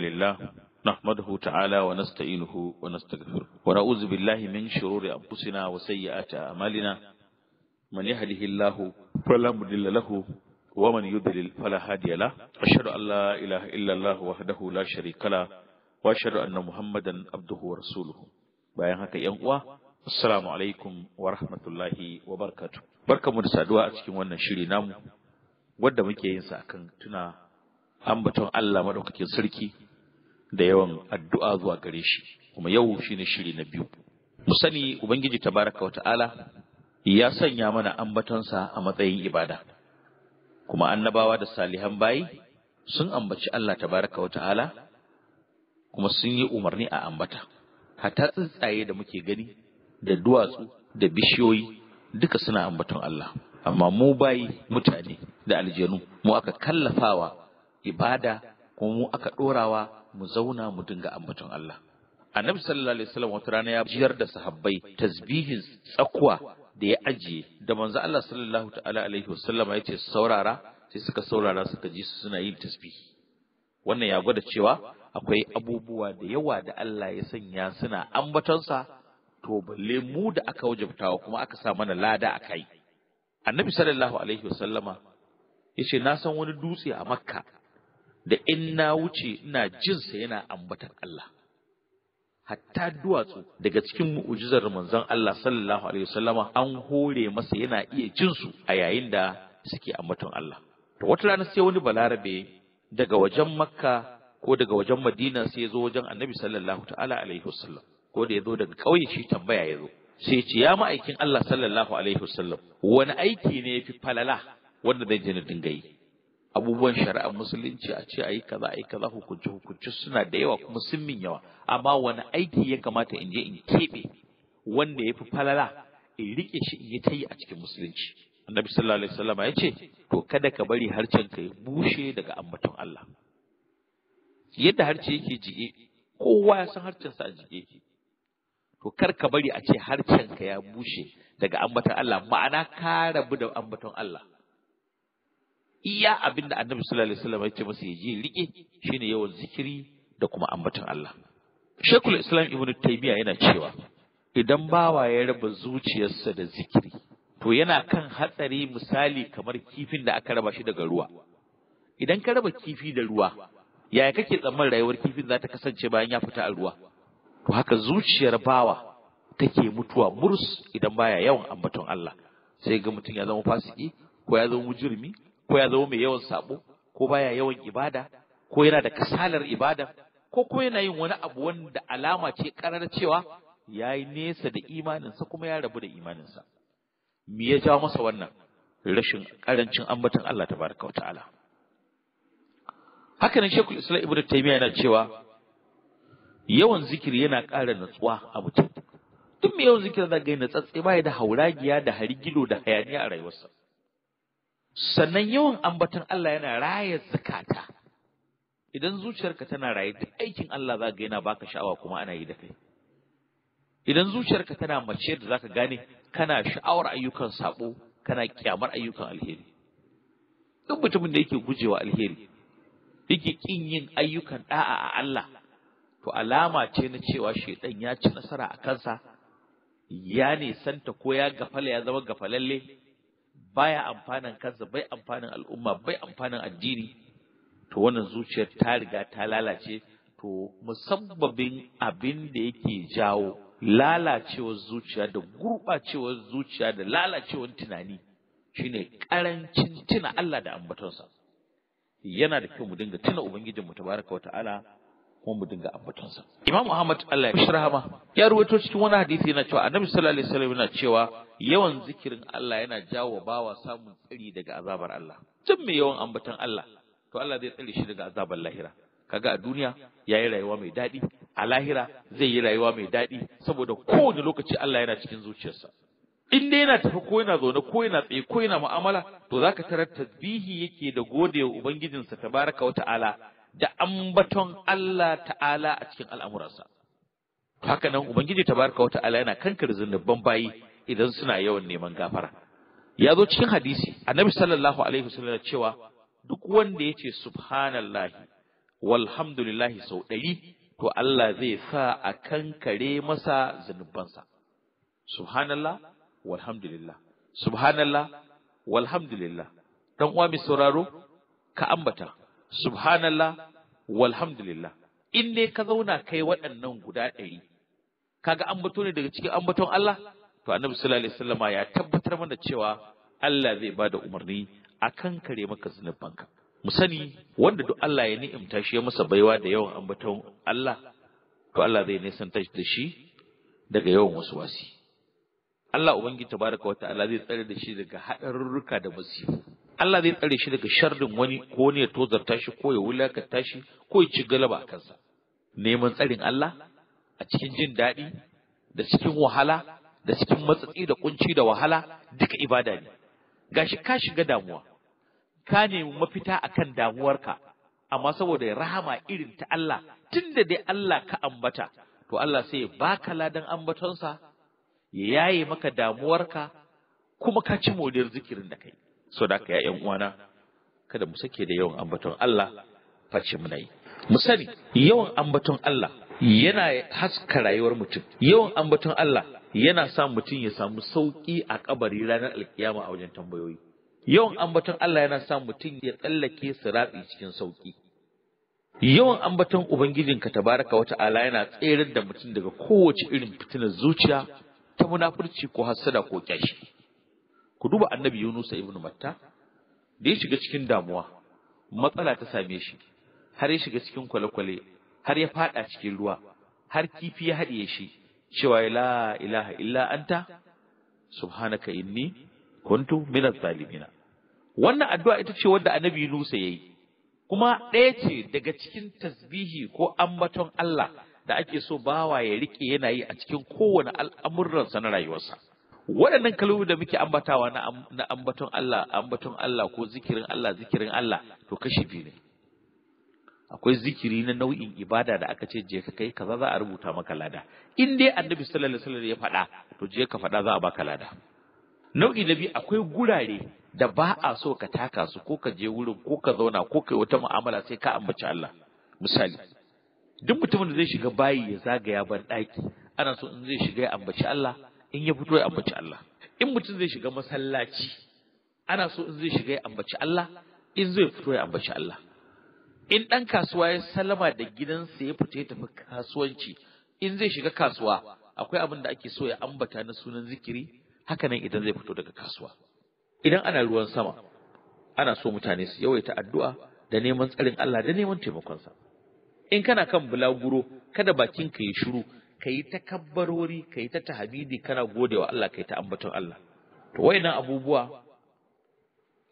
لله نحمده تعالى ونستعينه ونستغفره ونعوذ بالله من شرور أنفسنا وسيئات أعمالنا من يهده الله فلا مضل له ومن يضلل فلا هادي له أشهد أن لا إله إلا الله وحده لا شريك له وأشهد أن محمدا عبده ورسوله bayan haka ‘yan uwa, Assalamu alaikum wa rahmatullahi wa barkatu. Barkanmu da saduwa a cikin wannan shiri namu, wadda muke yin sa akan tuna ambaton Allah maɗaukakin sarki da yawan addu'a zuwa gare shi kuma yau shine shiri na biyu mu sani ubangiji tabaraka wata'ala ya sanya mana ambatonsa a matsayin ibada kuma annabawa da salihan bayi sun ambaci Allah tabaraka wata'ala kuma sun yi umarni a ambata hatta tsuntsaye da muke gani da duwatsu da bishiyoyi duka suna ambaton Allah amma mu bayi mutane da aljanu mu aka kallafawa ibada kuma mu aka ɗorawa mu zauna mu dinga ambaton Allah annabi sallallahu alaihi wasallam wata rana ya jiyar da sahabbai tasbihin tsakwa da ya ajiye da manzo Allah sallallahu ta'ala alaihi wasallama yace saurara sai suka saurara suka ji su suna yin tasbihi wannan ya gwada cewa akwai abubuwa da yawa da Allah ya sanya suna ambatonsa to balle mu da aka wajabtawa kuma aka sa mana lada a kai annabi sallallahu alaihi wasallama yace na san wani dutse a makka da in na wuce ina jinsa yana ambatar Allah hatta duwatsu daga cikin mu'ujizar manzon Allah sallallahu alaihi wasallama an hore masa yana iya jinsu a yayin da suke ambaton Allah to wata rana sai wani balarabe daga wajen makka ko daga wajen madina sai ya zo wajen annabi sallallahu ta'ala alaihi wasallam ko da ya zo daga ƙauye shi tambaya ya zo sai ce ya ma'aikin Allah sallallahu alaihi wasallam wani aiki ne ya fi falala wanda zai je na dinga yi abubuwan shari'ar musulunci a ce a yi kaza a yi kaza hukunci hukunci suna da yawa kuma sun min yawa amma wani aiki ya kamata in je in keɓe wanda ya fi falala in riƙe shi in yi ta yi a cikin musulunci annabi sallallahu alaihi wasallam ya ce to kada ka bari harcen ka ya bushe daga ambaton Allah yadda harce yake jige kowa ya san harcen sa a jige to kar ka bari a ce harcen ka ya bushe daga ambaton Allah ma'ana ka rabu da ambaton Allah iya abinda da annabi sallallahu alaihi wasallam ya masa ya rike shine yawan zikiri da kuma ambatan Allah Shekul Islam Ibn Taymiyyah yana cewa idan bawa ya raba zuciyarsa da zikiri to yana kan hatsari misali kamar kifin da aka raba shi daga ruwa idan ka raba kifi da ruwa yaya kake tsamman rayuwar kifin za ta kasance bayan ya fita a ruwa to haka zuciyar bawa take mutuwa murs idan baya yawan ambaton Allah sai ga mutum ya zama fasiki ko ya zama mujrimi ko ya zama mai yawan sabo ko baya yawan ibada ko yana da kasalar ibada ko ko yana yin wani abu wanda alama ce karar cewa ya yi nesa da imaninsa kuma ya rabu da imaninsa me ya jawo masa wannan rashin karancin ambaton Allah tabaraka wa ta'ala haka ne shekul islam ibnu taymiya yana cewa yawan zikiri yana ƙara natsuwa a mutum duk mai yawan zikiri zaka ga natsatsi bai da hauragiya da gido da hayaniya a rayuwarsa sannan yawan ambatan Allah yana raya zakata idan zuciyarka tana raye duk aikin Allah za ga yana baka sha'awa kuma ana yi da kai idan zuciyarka tana mace da zaka gane kana sha'awar ayyukan sabo kana kyamar ayyukan alheri duk mutumin da yake gujewa alheri yake kin yin ayyukan da'a a Allah to alama ce na cewa shedan ya ci nasara a kansa ya ne nisanta ko ya gafala ya zama gafalalle baya amfanin kansa bai amfanin al'umma bai amfanin addini to wannan zuciyar ta riga ta lalace to musabbabin abin da yake jawo lalacewar zuciya da gurɓacewar zuciya da lalacewar tunani shine karancin tuna Allah da ambatonsa yana da kyau mu dinga tuna ubangijinmu tabaraka ta'ala kuma mu dinga ambatonsa Imam Ahmad Allah ya mishi rahama ya ruwato cikin wani hadisi yana cewa Annabi sallallahu alaihi wasallam yana cewa yawan zikirin Allah yana jawo bawa samun tsari daga azabar Allah can mai yawan ambaton Allah to Allah zai tsare shi daga azabar lahira kaga a duniya yayi rayuwa mai daɗi a lahira zai yi rayuwa mai daɗi saboda kowane lokaci Allah yana cikin zuciyarsa in dai yana tafi ko yana zaune ko yana tsaye ko yana mu'amala to za ka tarar tasbihi yake da godewa ubangijinsa baraka wa ta'ala da ambaton Allah ta'ala a cikin al'amuransa haka nan ubangiji wata wata'ala yana kankare zunuban bayi idan suna yawan neman gafara ya zo cikin hadisi annabi sallallahu alaihi wasallam cewa duk wanda ya ce subhanallahi walhamdulillahi sau ɗari to Allah zai sa a kankare masa zunubansa subhanallah walhamdulillah subhanallah walhamdulillah dan uwa mai sauraro ka ambata subhanallah walhamdulillah in ne ka zauna kai waɗannan guda ɗari kaga ambato ne daga cikin ambaton Allah to annabi sallallahu alaihi wasallama ya tabbatar mana cewa Allah zai ba da umarni akan kare maka zunubanka mu sani wanda duk Allah ya ni'imta shi ya masa baiwa da yawan ambaton Allah to Allah zai nisanta da shi daga yawan wasu wasi Allah ubangiji tabaraka wa ta'ala zai tsare da shi daga haɗarurruka da masifu Allah zai tsare shi daga sharrin wani ko ne ya tozarta ko ya wulakanta shi ko ya ci galaba a kansa neman tsarin Allah a cikin jin daɗi da cikin wahala da cikin matsatsi da kunci da wahala duka ibada ne gashi ka shiga damuwa ka nemi mafita a kan damuwarka amma saboda ya rahama irin ta Allah tun da dai Allah ka ambata to Allah sai ya baka ladan ambatonsa ya yaye maka damuwarka kuma ka ci modiyar zikirin da kai so da aka 'yan uwana kada mu sake da yawan ambaton Allah face mu nayi mu sani yawan ambaton Allah yana haska rayuwar mutum yawan ambaton Allah yana sa mutum ya samu sauki a kabari ranar alkiyama a wajen tambayoyi yawan ambaton Allah yana sa mutum ya tsallake sirati cikin sauki yawan ambaton ubangijinka tabaraka wa ta'ala yana tserar da mutum daga kowace irin fitinar zuciya ta munafurci ko hasada ko kyashi ku duba annabi Yunus ibn Matta da ya shiga cikin damuwa matsala ta same shi har ya shiga cikin kwale har ya fada cikin ruwa har kifi ya haɗiye shi cewa la ilaha illa anta subhanaka inni kuntu minaz zalimin wannan addu'a ita ce wadda annabi Yunus yayi kuma ɗaya ce daga cikin tasbihi ko ambaton Allah da ake so bawa ya rike yana yi a cikin kowane al'amuransa na rayuwarsa waɗannan kalmomi da muke ambatawa na ambaton Allah ambaton Allah ko zikirin Allah zikirin Allah to kashi biyu ne akwai zikiri na nau'in ibada da aka ce je ka kai kaza za a rubuta maka lada in dai annabi sallallahu alaihi wasallam ya faɗa to je ka faɗa za a baka lada nau'i na biyu akwai gurare da ba a so ka taka su ko ka je wurin ko ka zauna ko kai wata mu'amala sai ka ambaci Allah misali duk mutumin da zai shiga bayi ya zagaya ban ɗaki ana so in zai shiga ya ambaci Allah in ya fito ya ambaci Allah in mutum zai shiga masallaci ana so in zai shiga ya ambaci Allah in zai fito ya ambaci Allah in ɗan kasuwa ya salama da gidansa ya fita ya tafi kasuwanci in zai shiga kasuwa akwai abin da ake so ya ambata na sunan zikiri haka nan idan zai fito daga kasuwa idan ana ruwan sama ana so mutane su yawaita addu'a da neman tsarin Allah da neman taimakonsa in kana kan bulaguro kada bakinka ya shiru Ka yi ta kabbarori yi ta ta habidi kana gode wa Allah ka yi ta ambaton Allah to wayannan abubuwa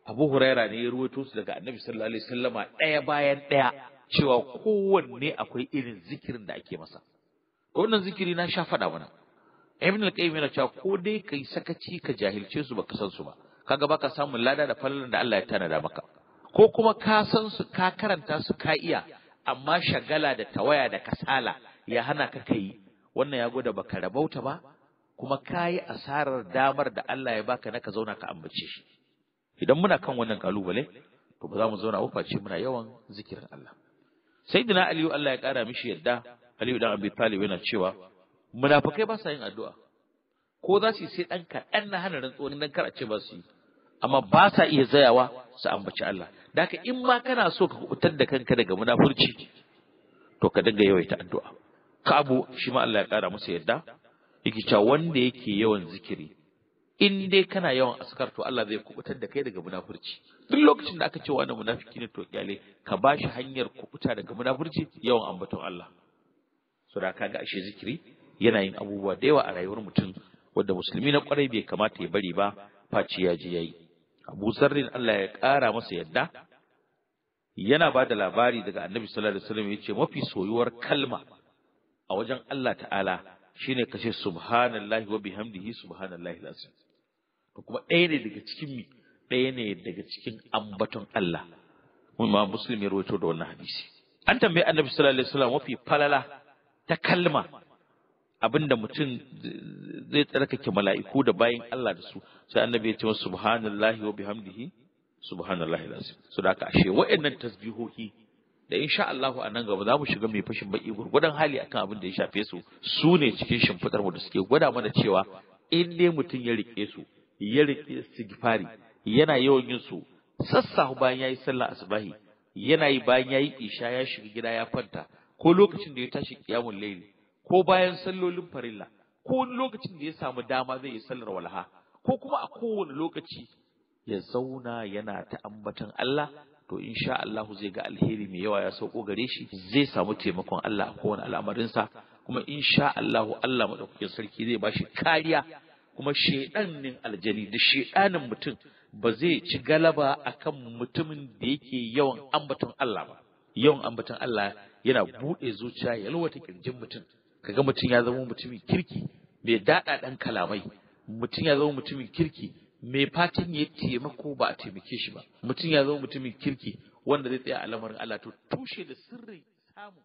Abu Huraira ne ya ruwaito su daga Annabi sallallahu alaihi wasallama ɗaya bayan ɗaya cewa kowanne akwai irin zikirin da ake masa wannan zikiri na sha faɗa mana Ibn al-Qayyim yana cewa ko dai kai sakaci ka jahilce su baka san su ba kaga baka samun lada da fallan da Allah ya tanada maka ko kuma ka san su ka karanta su ka iya amma shagala da tawaya da kasala ya hana ka kai wannan ya gwada baka rabauta ba kuma kayi asarar damar da Allah ya baka na ka zauna ka ambace shi idan muna kan wannan kalubale to ba za mu zauna ba face muna yawan zikirin Allah sayyidina aliyu Allah ya kara mishi yadda aliyu dan abi talib yana cewa munafikai ba sa yin addu'a ko za su sai dan kaɗan na hana tsoni dan kar a ce ba su yi amma ba sa iya zayawa su ambaci Allah da haka in ma kana so ka kubutar da kanka daga munafurci to ka dinga yawaita addu'a Ka'abu shi ma Allah ya ƙara masa yadda yake cewa wanda yake yawan zikiri in dai kana yawan askar to Allah zai kubutar da kai daga munafurci duk lokacin da aka ce wani munafiki ne to kyale ka ba shi hanyar kubuta daga munafurci yawan ambaton Allah so da kaga ashe zikiri yana yin abubuwa da yawa a rayuwar mutum wanda musulmi na kwarai bai kamata ya bari ba face ya je yayi Abu Sarrin Allah ya ƙara masa yadda yana ba da labari daga Annabi sallallahu alaihi wasallam yace mafi soyuwar kalma a wajen Allah ta'ala shi ne kashe, subhanallahi wa bihamdihi subhanallahi lasu. to kuma ɗaya ne daga cikin mi ɗaya ne daga cikin ambaton Allah ma muslim ya rawaito da wannan hadisi an tambayi annabi sallallahu alaihi wasallam mafi falala ta kalma abinda mutum zai tsarkake mala'iku da bayin Allah da su sai annabi ya ce subhanallahi wa bihamdihi subhanallahi lasu. so da aka ashe wa'annan tasbihohi da insha Allah a nan gaba za mu shiga mai fashin baki gurgudan hali akan abin da ya shafe su su ne cikin shimfidar mu da suke gwada mana cewa in dai mutum ya rike su ya rike sigifari yana yawan yin su sassahu bayan yayi sallah asbahi yana yi bayan yayi isha ya shiga gida ya fanta, ko lokacin da ya tashi kiyamul layli ko bayan sallolin farilla ko lokacin da ya samu dama zai yi sallar walha ko kuma a kowane lokaci ya zauna yana ta ambaton Allah to insha Allah zai ga alheri mai yawa ya sauko gare shi zai samu taimakon Allah a kowane al'amarinsa kuma in sha Allah Allah madaukakin sarki zai bashi kariya kuma shedanin aljani da shedanin mutum ba zai ci galaba akan mutumin da yake yawan ambaton Allah ba yawan ambaton Allah yana bude zuciya ya lwata kirjin mutum kaga mutum ya zama mutumin kirki mai dada dan kalamai mutum ya zama mutumin kirki mai fatan ya taimako ba a taimake shi ba mutum ya zama mutumin kirki wanda zai tsaya a lamarin Allah to tushe da sirrin samu